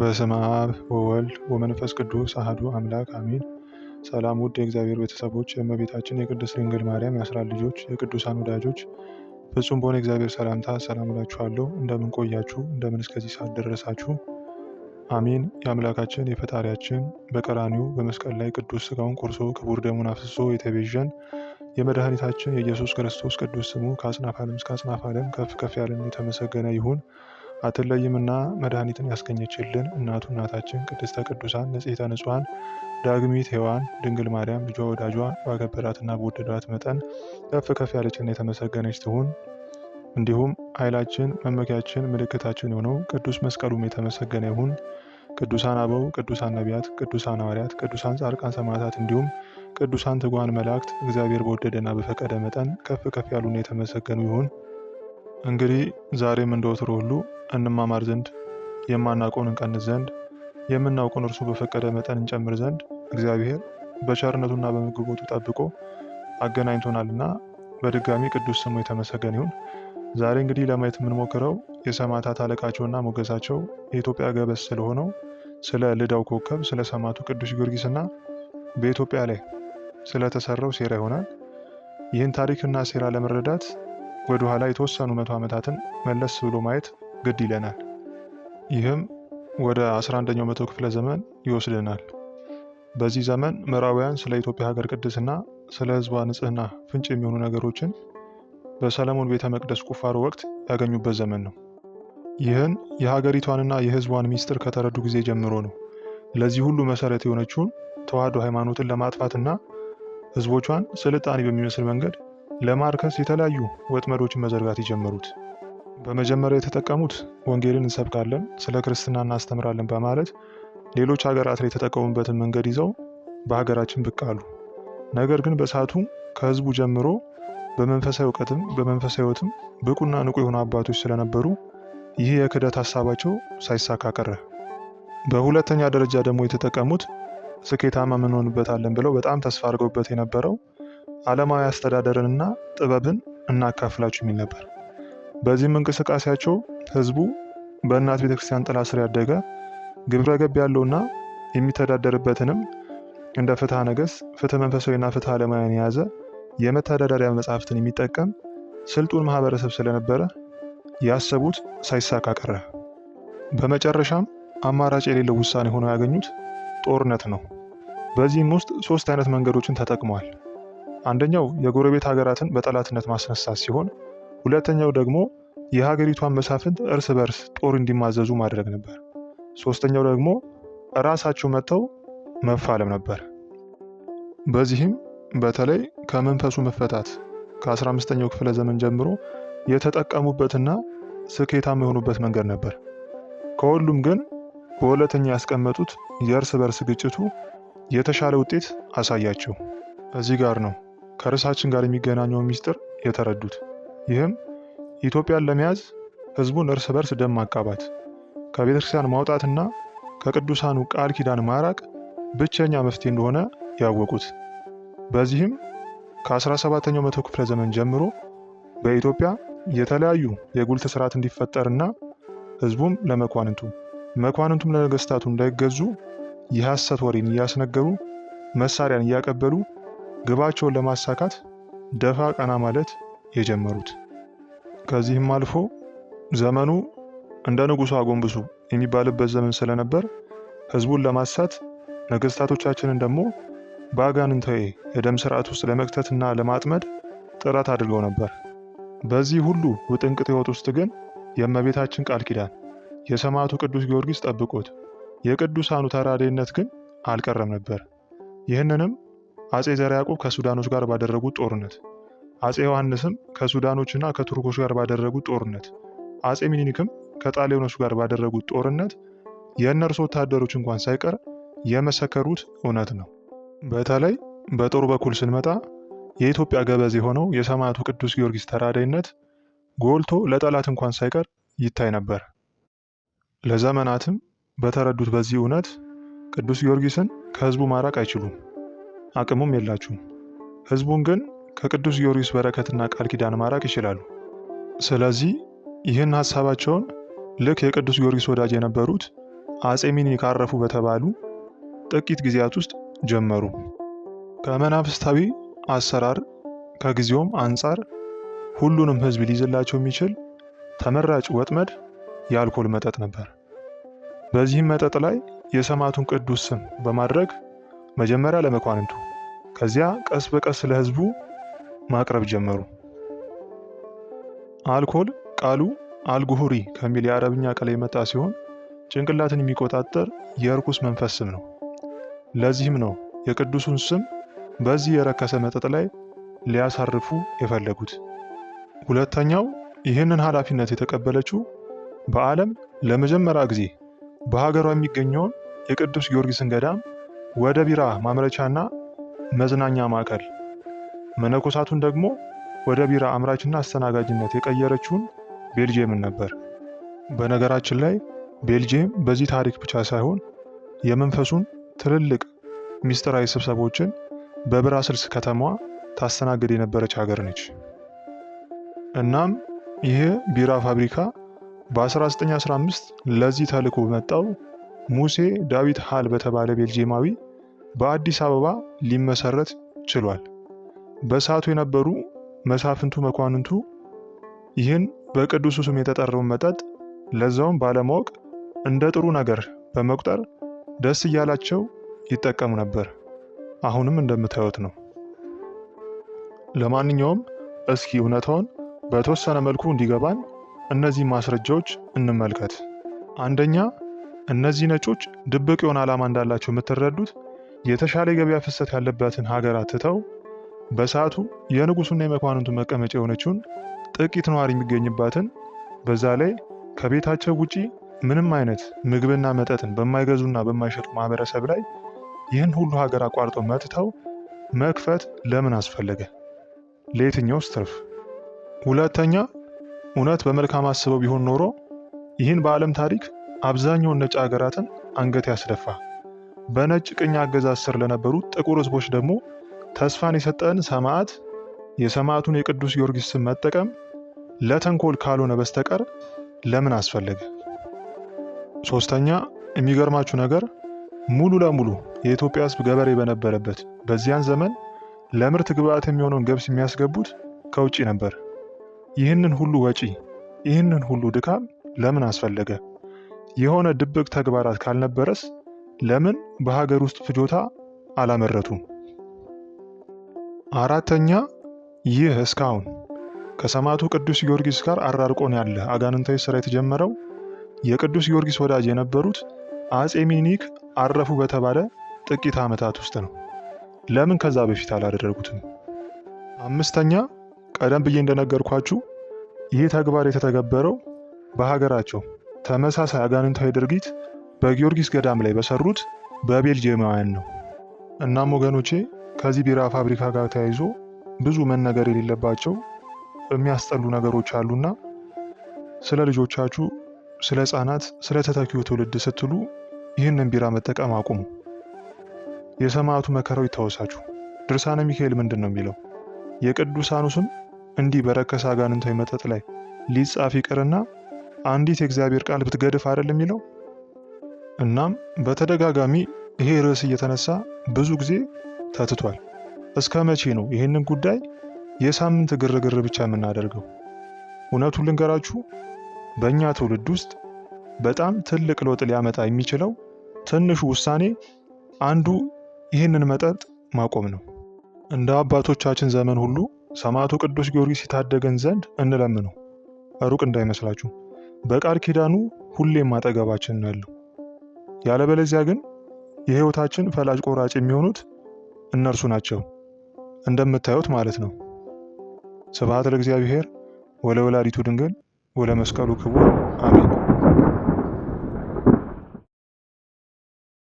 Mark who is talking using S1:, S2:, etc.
S1: በስመ አብ ወወልድ ወመንፈስ ቅዱስ አህዱ አምላክ አሚን። ሰላም ውድ የእግዚአብሔር ቤተሰቦች፣ የእመቤታችን የቅድስት ድንግል ማርያም የአስራት ልጆች፣ የቅዱሳን ወዳጆች ፍጹም በሆነ እግዚአብሔር ሰላምታ ሰላም እላችኋለሁ። እንደምን ቆያችሁ? እንደምን እስከዚህ ሰዓት ደረሳችሁ? አሚን። የአምላካችን የፈጣሪያችን በቀራኒው በመስቀል ላይ ቅዱስ ስጋውን ቆርሶ ክቡር ደሙን አፍስሶ የተቤዠን የመድኃኒታችን የኢየሱስ ክርስቶስ ቅዱስ ስሙ ከአጽናፍ ዓለም እስከ አጽናፍ ዓለም ከፍ ከፍ ያለን የተመሰገነ ይሁን። አትለይምና መድኃኒትን ያስገኘችልን እናቱ እናታችን ቅድስተ ቅዱሳን ንጽሕተ ንጹሐን ዳግሚት ሔዋን ድንግል ማርያም ልጇ ወዳጇ ባከበራትና በወደዷት መጠን ከፍ ከፍ ያለችና የተመሰገነች ትሁን። እንዲሁም ኃይላችን መመኪያችን ምልክታችን የሆነው ቅዱስ መስቀሉም የተመሰገነ ይሁን። ቅዱሳን አበው፣ ቅዱሳን ነቢያት፣ ቅዱሳን ሐዋርያት፣ ቅዱሳን ጻድቃን ሰማዕታት እንዲሁም ቅዱሳን ትጓን መላእክት እግዚአብሔር በወደደና በፈቀደ መጠን ከፍ ከፍ ያሉና የተመሰገኑ ይሁን። እንግዲህ ዛሬም እንደወትሮ ሁሉ እንማማር ዘንድ የማናውቀውን እንቀንስ ዘንድ የምናውቀውን እርሱ በፈቀደ መጠን እንጨምር ዘንድ እግዚአብሔር በቸርነቱና በምግቦቱ ጠብቆ አገናኝቶናልና በድጋሚ ቅዱስ ስሙ የተመሰገን ይሁን። ዛሬ እንግዲህ ለማየት የምንሞክረው የሰማዕታት አለቃቸውና ሞገሳቸው የኢትዮጵያ ገበስ ስለሆነው ስለ ልዳው ኮከብ ስለ ሰማዕቱ ቅዱስ ጊዮርጊስና በኢትዮጵያ ላይ ስለተሰራው ሴራ ይሆናል። ይህን ታሪክና ሴራ ለመረዳት ወደኋላ የተወሰኑ መቶ ዓመታትን መለስ ብሎ ማየት ግድ ይለናል። ይህም ወደ 11ኛው መቶ ክፍለ ዘመን ይወስደናል። በዚህ ዘመን ምዕራባውያን ስለ ኢትዮጵያ ሀገር ቅድስና፣ ስለ ህዝቧ ንጽህና ፍንጭ የሚሆኑ ነገሮችን በሰለሞን ቤተ መቅደስ ቁፋሮ ወቅት ያገኙበት ዘመን ነው። ይህን የሀገሪቷንና የህዝቧን ሚስጥር ከተረዱ ጊዜ ጀምሮ ነው ለዚህ ሁሉ መሰረት የሆነችውን ተዋህዶ ሃይማኖትን ለማጥፋትና ህዝቦቿን ስልጣኔ በሚመስል መንገድ ለማርከስ የተለያዩ ወጥመዶችን መዘርጋት የጀመሩት። በመጀመሪያ የተጠቀሙት ወንጌልን እንሰብካለን፣ ስለ ክርስትና እናስተምራለን በማለት ሌሎች ሀገራት ላይ የተጠቀሙበትን መንገድ ይዘው በሀገራችን ብቅ አሉ። ነገር ግን በሰዓቱ ከህዝቡ ጀምሮ በመንፈሳዊ እውቀትም በመንፈሳዊ ህይወትም ብቁና ንቁ የሆኑ አባቶች ስለነበሩ ይህ የክህደት ሀሳባቸው ሳይሳካ ቀረ። በሁለተኛ ደረጃ ደግሞ የተጠቀሙት ስኬታማ እንሆንበታለን ብለው በጣም ተስፋ አድርገውበት የነበረው ዓለማዊ አስተዳደርንና ጥበብን እናካፍላችሁ የሚል ነበር። በዚህም እንቅስቃሴያቸው ህዝቡ በእናት ቤተክርስቲያን ጥላ ስር ያደገ ግብረ ገብ ያለውና የሚተዳደርበትንም እንደ ፍትሐ ነገሥት፣ ፍትህ መንፈሳዊና ፍትሐ ዓለማውያን የያዘ የመተዳደሪያ መጽሐፍትን የሚጠቀም ስልጡን ማህበረሰብ ስለነበረ ያሰቡት ሳይሳካ ቀረ። በመጨረሻም አማራጭ የሌለው ውሳኔ ሆነው ያገኙት ጦርነት ነው። በዚህም ውስጥ ሶስት አይነት መንገዶችን ተጠቅመዋል። አንደኛው የጎረቤት ሀገራትን በጠላትነት ማስነሳት ሲሆን ሁለተኛው ደግሞ የሀገሪቷን መሳፍንት እርስ በርስ ጦር እንዲማዘዙ ማድረግ ነበር። ሶስተኛው ደግሞ ራሳቸው መጥተው መፋለም ነበር። በዚህም በተለይ ከመንፈሱ መፈታት ከ15ኛው ክፍለ ዘመን ጀምሮ የተጠቀሙበትና ስኬታማ የሆኑበት መንገድ ነበር። ከሁሉም ግን በሁለተኛ ያስቀመጡት የእርስ በርስ ግጭቱ የተሻለ ውጤት አሳያቸው። እዚህ ጋር ነው ከርዕሳችን ጋር የሚገናኘው ሚስጥር የተረዱት። ይህም ኢትዮጵያን ለመያዝ ህዝቡን እርስ በርስ ደም ማቃባት፣ ከቤተ ክርስቲያን ማውጣትና ከቅዱሳኑ ቃል ኪዳን ማራቅ ብቸኛ መፍትሄ እንደሆነ ያወቁት። በዚህም ከ17ኛው መቶ ክፍለ ዘመን ጀምሮ በኢትዮጵያ የተለያዩ የጉልት ስርዓት እንዲፈጠርና ህዝቡም ለመኳንንቱ መኳንንቱም ለነገስታቱ እንዳይገዙ የሐሰት ወሬን እያስነገሩ መሳሪያን እያቀበሉ ግባቸውን ለማሳካት ደፋ ቀና ማለት የጀመሩት። ከዚህም አልፎ ዘመኑ እንደ ንጉሱ አጎንብሱ የሚባልበት ዘመን ስለነበር ህዝቡን ለማሳት ነገስታቶቻችንን ደግሞ በአጋንንታዊ የደም ስርዓት ውስጥ ለመክተትና ለማጥመድ ጥረት አድርገው ነበር። በዚህ ሁሉ ውጥንቅጥ ህይወት ውስጥ ግን የእመቤታችን ቃል ኪዳን የሰማዕቱ ቅዱስ ጊዮርጊስ ጠብቆት የቅዱሳኑ ተራዴነት ግን አልቀረም ነበር። ይህንንም አጼ ዘርዓ ያዕቆብ ከሱዳኖች ጋር ባደረጉት ጦርነት አጼ ዮሐንስም ከሱዳኖችና ከቱርኮች ጋር ባደረጉት ጦርነት አጼ ሚኒሊክም ከጣሊያኖች ጋር ባደረጉት ጦርነት የእነርሱ ወታደሮች እንኳን ሳይቀር የመሰከሩት እውነት ነው። በተለይ በጦር በኩል ስንመጣ የኢትዮጵያ ገበዝ የሆነው የሰማዕቱ ቅዱስ ጊዮርጊስ ተራዳይነት ጎልቶ ለጠላት እንኳን ሳይቀር ይታይ ነበር። ለዘመናትም በተረዱት በዚህ እውነት ቅዱስ ጊዮርጊስን ከህዝቡ ማራቅ አይችሉም፣ አቅሙም የላችሁም። ህዝቡን ግን ከቅዱስ ጊዮርጊስ በረከትና ቃል ኪዳን ማራቅ ይችላሉ። ስለዚህ ይህን ሐሳባቸውን ልክ የቅዱስ ጊዮርጊስ ወዳጅ የነበሩት አጼ ሚኒ ካረፉ በተባሉ ጥቂት ጊዜያት ውስጥ ጀመሩ። ከመናፍስታዊ አሰራር ከጊዜውም አንጻር ሁሉንም ሕዝብ ሊይዝላቸው የሚችል ተመራጭ ወጥመድ የአልኮል መጠጥ ነበር። በዚህም መጠጥ ላይ የሰማዕቱን ቅዱስ ስም በማድረግ መጀመሪያ ለመኳንንቱ ከዚያ ቀስ በቀስ ለሕዝቡ ማቅረብ ጀመሩ። አልኮል ቃሉ አልጉሁሪ ከሚል የአረብኛ ቃል የመጣ ሲሆን ጭንቅላትን የሚቆጣጠር የእርኩስ መንፈስ ስም ነው። ለዚህም ነው የቅዱሱን ስም በዚህ የረከሰ መጠጥ ላይ ሊያሳርፉ የፈለጉት። ሁለተኛው ይህንን ኃላፊነት የተቀበለችው በዓለም ለመጀመሪያ ጊዜ በሀገሯ የሚገኘውን የቅዱስ ጊዮርጊስን ገዳም ወደ ቢራ ማምረቻና መዝናኛ ማዕከል መነኮሳቱን ደግሞ ወደ ቢራ አምራችና አስተናጋጅነት የቀየረችውን ቤልጅየምን ነበር። በነገራችን ላይ ቤልጅየም በዚህ ታሪክ ብቻ ሳይሆን የመንፈሱን ትልልቅ ሚስጥራዊ ስብሰቦችን በብራስልስ ከተማ ታስተናግድ የነበረች ሀገር ነች። እናም ይህ ቢራ ፋብሪካ በ1915 ለዚህ ተልዕኮ መጣው ሙሴ ዳዊት ሃል በተባለ ቤልጅየማዊ በአዲስ አበባ ሊመሰረት ችሏል። በሰዓቱ የነበሩ መሳፍንቱ መኳንንቱ ይህን በቅዱሱ ስም የተጠራውን መጠጥ ለዛውም ባለማወቅ እንደ ጥሩ ነገር በመቁጠር ደስ እያላቸው ይጠቀሙ ነበር። አሁንም እንደምታዩት ነው። ለማንኛውም እስኪ እውነታውን በተወሰነ መልኩ እንዲገባን እነዚህ ማስረጃዎች እንመልከት። አንደኛ፣ እነዚህ ነጮች ድብቅ የሆነ ዓላማ እንዳላቸው የምትረዱት የተሻለ የገበያ ፍሰት ያለበትን ሀገር አትተው በሰዓቱ የንጉሱና የመኳንንቱ መቀመጫ የሆነችውን ጥቂት ነዋሪ የሚገኝባትን በዛ ላይ ከቤታቸው ውጪ ምንም አይነት ምግብና መጠጥን በማይገዙና በማይሸጡ ማህበረሰብ ላይ ይህን ሁሉ ሀገር አቋርጦ መጥተው መክፈት ለምን አስፈለገ? ለየትኛውስ ትርፍ? ሁለተኛ እውነት በመልካም አስበው ቢሆን ኖሮ ይህን በዓለም ታሪክ አብዛኛውን ነጭ ሀገራትን አንገት ያስደፋ በነጭ ቅኝ አገዛዝ ስር ለነበሩ ጥቁር ህዝቦች ደግሞ ተስፋን የሰጠን ሰማዕት የሰማዕቱን የቅዱስ ጊዮርጊስ ስም መጠቀም ለተንኮል ካልሆነ በስተቀር ለምን አስፈለገ? ሶስተኛ የሚገርማችሁ ነገር ሙሉ ለሙሉ የኢትዮጵያ ሕዝብ ገበሬ በነበረበት በዚያን ዘመን ለምርት ግብዓት የሚሆነውን ገብስ የሚያስገቡት ከውጭ ነበር። ይህንን ሁሉ ወጪ፣ ይህንን ሁሉ ድካም ለምን አስፈለገ? የሆነ ድብቅ ተግባራት ካልነበረስ ለምን በሀገር ውስጥ ፍጆታ አላመረቱም? አራተኛ ይህ እስካሁን ከሰማዕቱ ቅዱስ ጊዮርጊስ ጋር አራርቆን ያለ አጋንንታዊ ስራ የተጀመረው የቅዱስ ጊዮርጊስ ወዳጅ የነበሩት አጼ ሚኒክ አረፉ በተባለ ጥቂት ዓመታት ውስጥ ነው። ለምን ከዛ በፊት አላደረጉትም? አምስተኛ ቀደም ብዬ እንደነገርኳችሁ ይህ ተግባር የተተገበረው በሀገራቸው ተመሳሳይ አጋንንታዊ ድርጊት በጊዮርጊስ ገዳም ላይ በሰሩት በቤልጅየማውያን ነው። እናም ወገኖቼ ከዚህ ቢራ ፋብሪካ ጋር ተያይዞ ብዙ መነገር የሌለባቸው የሚያስጠሉ ነገሮች አሉና ስለ ልጆቻችሁ፣ ስለ ህጻናት፣ ስለ ተተኪው ትውልድ ስትሉ ይህንን ቢራ መጠቀም አቁሙ። የሰማዕቱ መከራው ይታወሳችሁ። ድርሳነ ሚካኤል ምንድን ነው የሚለው? የቅዱሳኑ ስም እንዲህ በረከሰ አጋንንታዊ መጠጥ ላይ ሊጻፍ ይቅርና አንዲት የእግዚአብሔር ቃል ብትገድፍ አይደል የሚለው። እናም በተደጋጋሚ ይሄ ርዕስ እየተነሳ ብዙ ጊዜ ተትቷል። እስከ መቼ ነው ይህንን ጉዳይ የሳምንት ግርግር ብቻ የምናደርገው? እውነቱን ልንገራችሁ፣ በእኛ ትውልድ ውስጥ በጣም ትልቅ ለውጥ ሊያመጣ የሚችለው ትንሹ ውሳኔ አንዱ ይህንን መጠጥ ማቆም ነው። እንደ አባቶቻችን ዘመን ሁሉ ሰማዕቱ ቅዱስ ጊዮርጊስ የታደገን ዘንድ እንለምነው። ሩቅ እንዳይመስላችሁ፣ በቃል ኪዳኑ ሁሌም አጠገባችን ያለው። ያለበለዚያ ግን የህይወታችን ፈላጭ ቆራጭ የሚሆኑት እነርሱ ናቸው እንደምታዩት ማለት ነው። ስብሐት ለእግዚአብሔር ወለወላዲቱ ድንግል ወለመስቀሉ ክቡር አሜን።